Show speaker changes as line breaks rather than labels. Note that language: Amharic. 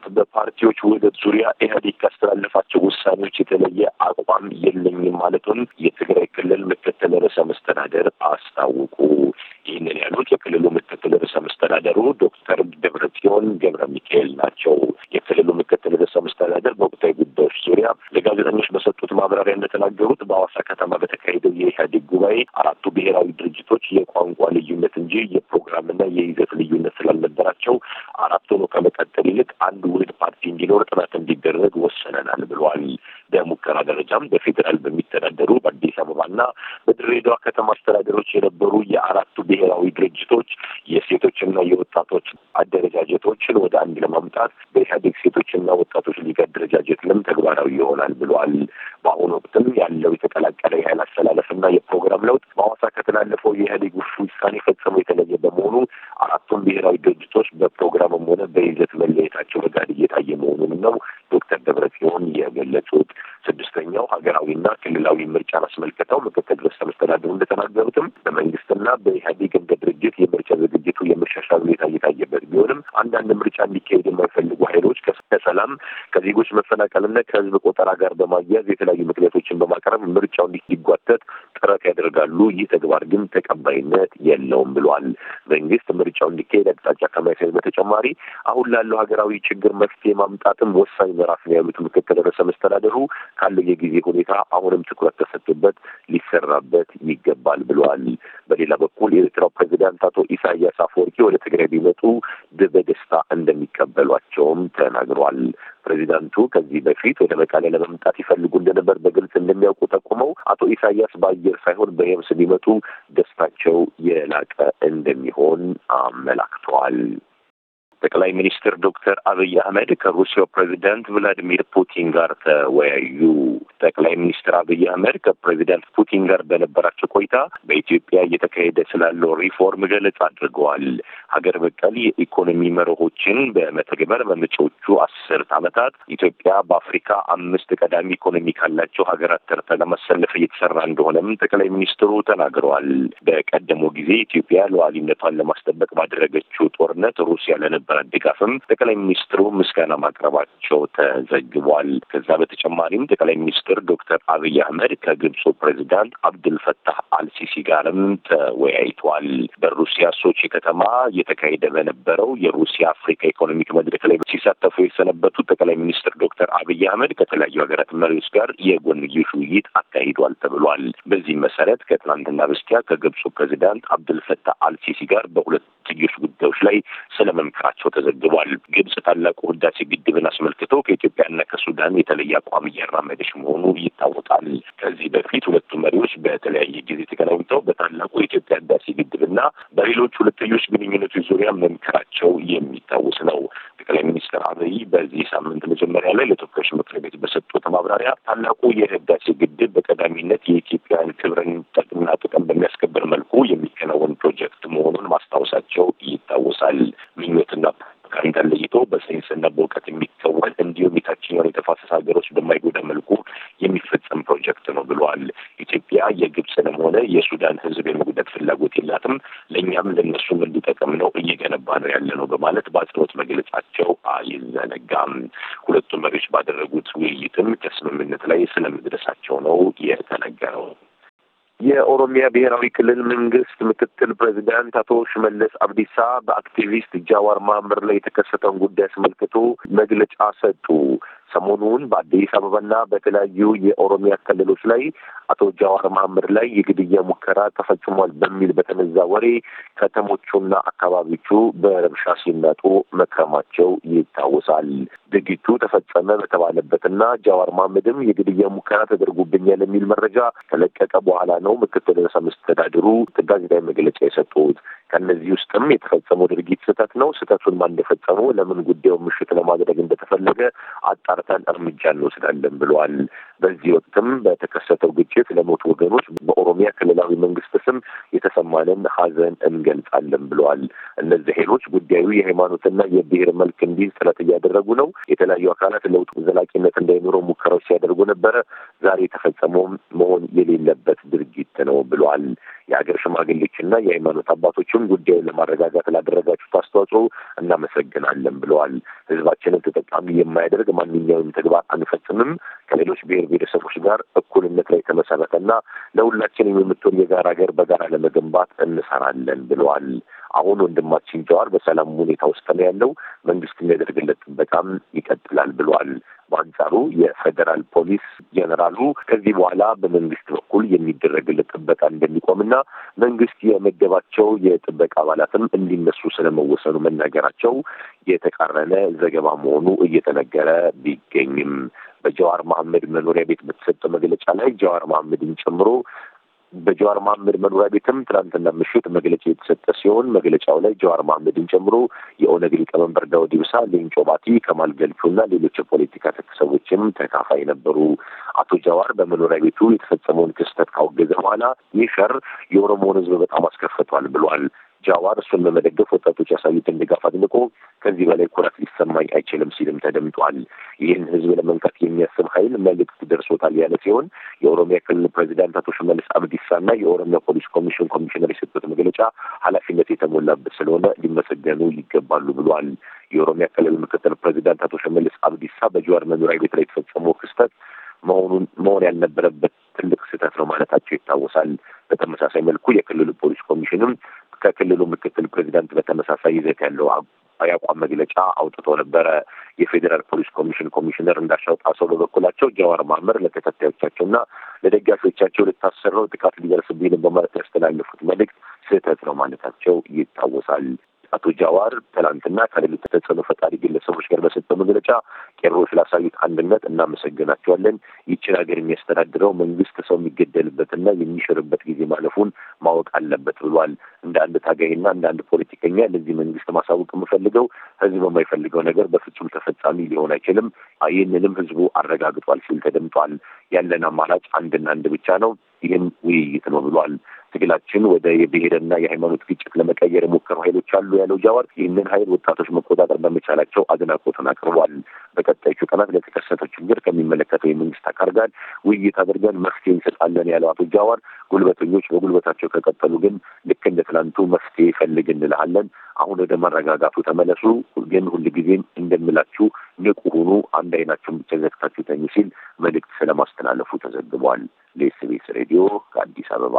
ምክንያት በፓርቲዎች ውህደት ዙሪያ ኢህአዴግ ካስተላለፋቸው ውሳኔዎች የተለየ አቋም የለኝም ማለቱን የትግራይ ክልል ምክትል ርዕሰ መስተዳደር አስታውቁ። ይህንን ያሉት የክልሉ ምክትል ርዕሰ መስተዳደሩ ዶክተር ደብረጽዮን ገብረ ሚካኤል ናቸው። ፓርቲ እንዲኖር ጥረት እንዲደረግ ወሰነናል ብለዋል። በሙከራ ደረጃም በፌዴራል በሚተዳደሩ በአዲስ አበባና በድሬዳዋ ከተማ አስተዳደሮች የነበሩ የአራቱ ብሔራዊ ድርጅቶች የሴቶችና የወጣቶች አደረጃጀቶችን ወደ አንድ ለማምጣት በኢህአዴግ ሴቶችና ወጣቶች ሊግ አደረጃጀትንም ተግባራዊ ይሆናል ብለዋል። በአሁኑ ወቅትም ያለው የተቀላቀለ የኃይል አስተላለፍና የፕሮግራም ለውጥ በሐዋሳ ከተላለፈው የኢህአዴግ ውሳኔ ፈጽሞ የተለየ በመሆኑ አራቱም ብሔራዊ ድርጅቶች በፕሮግራምም ሆነ በይዘት መለየታቸው በጋድ እየታየ መሆኑን ነው ዶክተር ደብረጽዮን የገለጹት። ስድስተኛው ሀገራዊና ክልላዊ ምርጫን አስመልክተው ምክትል ርዕሰ መስተዳድሩ እንደተናገሩትም በመንግስትና በኢህአዴግ እንደ ድርጅት የምርጫ ዝግጅቱ የመሻሻል ሁኔታ እየታየበት ቢሆንም አንዳንድ ምርጫ እንዲካሄድ የማይፈልጉ ኃይሎች ከሰላም ከዜጎች መፈናቀልና ከህዝብ ቆጠራ ጋር በማያያዝ የተለያዩ ምክንያቶችን በማቅረብ ምርጫው እንዲጓተት ጥረት ያደርጋሉ። ይህ ተግባር ግን ተቀባይነት የለውም ብሏል። መንግስት ምርጫው እንዲካሄድ አቅጣጫ ከማይሰጥ በተጨማሪ አሁን ላለው ሀገራዊ ችግር መፍትሄ ማምጣትም ወሳኝ ምዕራፍ ነው ያሉት ምክትል ርዕሰ መስተዳደሩ ካለው የጊዜ ሁኔታ አሁንም ትኩረት ተሰጥቶበት ሊሰራበት ይገባል ብሏል። በሌላ በኩል የኤርትራው ፕሬዚዳንት አቶ ኢሳያስ አፈወርቂ ወደ ትግራይ ቢመጡ በደስታ እንደሚቀበሏቸውም ተናግሯል። ፕሬዚዳንቱ ከዚህ በፊት ወደ መቀሌ ለመምጣት ይፈልጉ እንደነበር በግልጽ እንደሚያውቁ ጠቁመው አቶ ኢሳያስ በአየር ሳይሆን በየብስ ቢመጡ ደስታቸው የላቀ እንደሚሆን አመላክተዋል። ጠቅላይ ሚኒስትር ዶክተር አብይ አህመድ ከሩሲያው ፕሬዚዳንት ቭላዲሚር ፑቲን ጋር ተወያዩ። ጠቅላይ ሚኒስትር አብይ አህመድ ከፕሬዚዳንት ፑቲን ጋር በነበራቸው ቆይታ በኢትዮጵያ እየተካሄደ ስላለው ሪፎርም ገለጽ አድርገዋል። ሀገር በቀል የኢኮኖሚ መርሆችን በመተግበር በመጪዎቹ አስርት ዓመታት ኢትዮጵያ በአፍሪካ አምስት ቀዳሚ ኢኮኖሚ ካላቸው ሀገራት ተርታ ለማሰለፍ እየተሰራ እንደሆነም ጠቅላይ ሚኒስትሩ ተናግረዋል። በቀደመው ጊዜ ኢትዮጵያ ሉዓላዊነቷን ለማስጠበቅ ባደረገችው ጦርነት ሩሲያ ለነበረ ድጋፍም ጠቅላይ ሚኒስትሩ ምስጋና ማቅረባቸው ተዘግቧል። ከዛ በተጨማሪም ጠቅላይ ሚኒስትር ዶክተር አብይ አህመድ ከግብፁ ፕሬዚዳንት አብዱልፈታህ አልሲሲ ጋርም ተወያይቷል። በሩሲያ ሶቺ ከተማ እየተካሄደ በነበረው የሩሲያ አፍሪካ ኢኮኖሚክ መድረክ ላይ ሲሳተፉ የሰነበቱት ጠቅላይ ሚኒስትር ዶክተር አብይ አህመድ ከተለያዩ ሀገራት መሪዎች ጋር የጎንዮሽ ውይይት አካሂዷል ተብሏል። በዚህም መሰረት ከትናንትና በስቲያ ከግብፁ ፕሬዚዳንት አብዱልፈታህ አልሲሲ ጋር በሁለትዮሽ ጉዳዮች ላይ መምከራቸው ተዘግቧል። ግብጽ ታላቁ ህዳሴ ግድብን አስመልክቶ ከኢትዮጵያና ከሱዳን የተለየ አቋም እያራመደች መሆኑ ይታወቃል። ከዚህ በፊት ሁለቱ መሪዎች በተለያየ ጊዜ ተገናኝተው በታላቁ የኢትዮጵያ ህዳሴ እና በሌሎች ሁለተኞች ግንኙነቶች ዙሪያ መምከራቸው የሚታወስ ነው። ጠቅላይ ሚኒስትር አብይ በዚህ ሳምንት መጀመሪያ ላይ ለተወካዮች ምክር ቤት በሰጡት ማብራሪያ ታላቁ የህዳሴ ግድብ በቀዳሚነት የኢትዮጵያን ክብርን ጠቅምና ጥቅም በሚያስከብር መልኩ ለእኛም ለእነሱም እንዲጠቅም ነው እየገነባ ነው ያለ ነው በማለት በአጽንኦት መግለጻቸው አይዘነጋም። ሁለቱ መሪዎች ባደረጉት ውይይትም ከስምምነት ላይ ስለመድረሳቸው ነው የተነገረው። የኦሮሚያ ብሔራዊ ክልል መንግስት ምክትል ፕሬዚዳንት አቶ ሽመለስ አብዲሳ በአክቲቪስት ጃዋር መሀመድ ላይ የተከሰተውን ጉዳይ አስመልክቶ መግለጫ ሰጡ። ሰሞኑን በአዲስ አበባና በተለያዩ የኦሮሚያ ክልሎች ላይ አቶ ጃዋር መሐመድ ላይ የግድያ ሙከራ ተፈጽሟል በሚል በተነዛ ወሬ ከተሞቹና አካባቢዎቹ በረብሻ ሲመጡ መክረማቸው ይታወሳል። ድርጊቱ ተፈጸመ በተባለበትና ጃዋር መሐመድም የግድያ ሙከራ ተደርጎብኛል የሚል መረጃ ከለቀቀ በኋላ ነው ምክትል ርዕሰ መስተዳድሩ ጋዜጣዊ መግለጫ የሰጡት። ከእነዚህ ውስጥም የተፈጸመው ድርጊት ስህተት ነው። ስህተቱን ማን እንደፈጸሙ፣ ለምን ጉዳዩን ምሽት ለማድረግ እንደተፈለገ አጣርተን እርምጃ እንወስዳለን ብለዋል። በዚህ ወቅትም በተከሰተው ግጭት ለሞቱ ወገኖች በኦሮሚያ ክልላዊ መንግስት ስም የተሰማንን ሀዘን እንገልጻለን ብለዋል። እነዚህ ኃይሎች ጉዳዩ የሃይማኖትና የብሔር መልክ እንዲይዝ ጥረት እያደረጉ ነው። የተለያዩ አካላት ለውጡ ዘላቂነት እንዳይኖረው ሙከራዎች ሲያደርጉ ነበረ። ዛሬ የተፈጸመውም መሆን የሌለበት ድርጊት ነው ብለዋል። የሀገር ሽማግሌዎችና የሃይማኖት አባቶችም ጉዳዩን ለማረጋጋት ላደረጋችሁት አስተዋጽኦ እናመሰግናለን ብለዋል። ህዝባችንን ተጠቃሚ የማያደርግ ማንኛውም ተግባር አንፈጽምም። ከሌሎች ብሔር ብሔረሰቦች ጋር እኩልነት ላይ የተመሰረተና ለሁላችንም የምትሆን የጋራ ሀገር በጋራ ለመገንባት እንሰራለን ብለዋል። አሁን ወንድማችን ጀዋር በሰላም ሁኔታ ውስጥ ነው ያለው። መንግስት የሚያደርግለት ጥበቃም ይቀጥላል ብለዋል። በአንጻሩ የፌዴራል ፖሊስ ጀነራሉ ከዚህ በኋላ በመንግስት በኩል የሚደረግለት ጥበቃ እንደሚቆምና መንግስት የመደባቸው የጥበቃ አባላትም እንዲነሱ ስለመወሰኑ መናገራቸው የተቃረነ ዘገባ መሆኑ እየተነገረ ቢገኝም በጀዋር መሐመድ መኖሪያ ቤት በተሰጠ መግለጫ ላይ ጀዋር መሐመድን ጨምሮ በጀዋር መሐመድ መኖሪያ ቤትም ትናንትና ምሽት መግለጫ የተሰጠ ሲሆን መግለጫው ላይ ጀዋር መሐመድን ጨምሮ የኦነግ ሊቀመንበር ዳውድ ኢብሳ፣ ሌንጮ ባቲ፣ ከማል ገልቹ እና ሌሎች የፖለቲካ ተከሰቦችም ተካፋይ ነበሩ። አቶ ጀዋር በመኖሪያ ቤቱ የተፈጸመውን ክስተት ካወገዘ በኋላ ይህ ሸር የኦሮሞውን ህዝብ በጣም አስከፍቷል ብሏል። ጃዋር እሱን በመደገፍ ወጣቶች ያሳዩትን ድጋፍ አድንቆ ከዚህ በላይ ኩራት ሊሰማኝ አይችልም ሲልም ተደምጧል። ይህን ህዝብ ለመንካት የሚያስብ ኃይል መልእክት ደርሶታል ያለ ሲሆን የኦሮሚያ ክልል ፕሬዚዳንት አቶ ሽመልስ አብዲሳና የኦሮሚያ ፖሊስ ኮሚሽን ኮሚሽነር የሰጡት መግለጫ ኃላፊነት የተሞላበት ስለሆነ ሊመሰገኑ ይገባሉ ብሏል። የኦሮሚያ ክልል ምክትል ፕሬዚዳንት አቶ ሽመልስ አብዲሳ በጃዋር መኖሪያ ቤት ላይ የተፈጸሙ መሆኑን መሆን ያልነበረበት ትልቅ ስህተት ነው ማለታቸው ይታወሳል። በተመሳሳይ መልኩ የክልሉ ፖሊስ ኮሚሽንም ከክልሉ ምክትል ፕሬዚዳንት በተመሳሳይ ይዘት ያለው የአቋም መግለጫ አውጥቶ ነበረ። የፌዴራል ፖሊስ ኮሚሽን ኮሚሽነር እንዳሻው ጣሰው በበኩላቸው ጀዋር መሀመድ ለተከታዮቻቸውና ለደጋፊዎቻቸው ልታሰር ነው፣ ጥቃት ሊደርስብኝ ነው በማለት ያስተላለፉት መልእክት ስህተት ነው ማለታቸው ይታወሳል። አቶ ጃዋር ትላንትና ከሌሎች ተጽዕኖ ፈጣሪ ግለሰቦች ጋር በሰጠው መግለጫ ቄሮች ላሳዩት አንድነት እናመሰግናቸዋለን። ይችን ሀገር የሚያስተዳድረው መንግስት ሰው የሚገደልበትና የሚሽርበት ጊዜ ማለፉን ማወቅ አለበት ብሏል። እንደ አንድ ታጋይና እንደ አንድ ፖለቲከኛ ለዚህ መንግስት ማሳወቅ የምፈልገው ህዝብ የማይፈልገው ነገር በፍጹም ተፈጻሚ ሊሆን አይችልም። ይህንንም ህዝቡ አረጋግጧል ሲል ተደምጧል። ያለን አማራጭ አንድና አንድ ብቻ ነው፣ ይህም ውይይት ነው ብሏል። ትግላችን ወደ የብሔርና የሃይማኖት ግጭት ለመቀየር የሞከሩ ኃይሎች አሉ ያለው ጃዋር ይህንን ኃይል ወጣቶች መቆጣጠር በመቻላቸው አድናቆትን አቅርቧል። በቀጣዮቹ ቀናት ለተከሰተው ችግር ከሚመለከተው የመንግስት አካል ጋር ውይይት አድርገን መፍትሄ እንሰጣለን ያለው አቶ ጃዋር ጉልበተኞች በጉልበታቸው ከቀጠሉ ግን ልክ እንደ ትናንቱ መፍትሄ ፈልግ እንልሃለን። አሁን ወደ መረጋጋቱ ተመለሱ። ግን ሁልጊዜም እንደምላችሁ ንቁ ሁኑ፣ አንድ አይናቸውን ብቻ ዘግታችሁ ተኙ ሲል መልእክት ስለማስተላለፉ ተዘግቧል። ለኤስቤስ ሬዲዮ ከአዲስ አበባ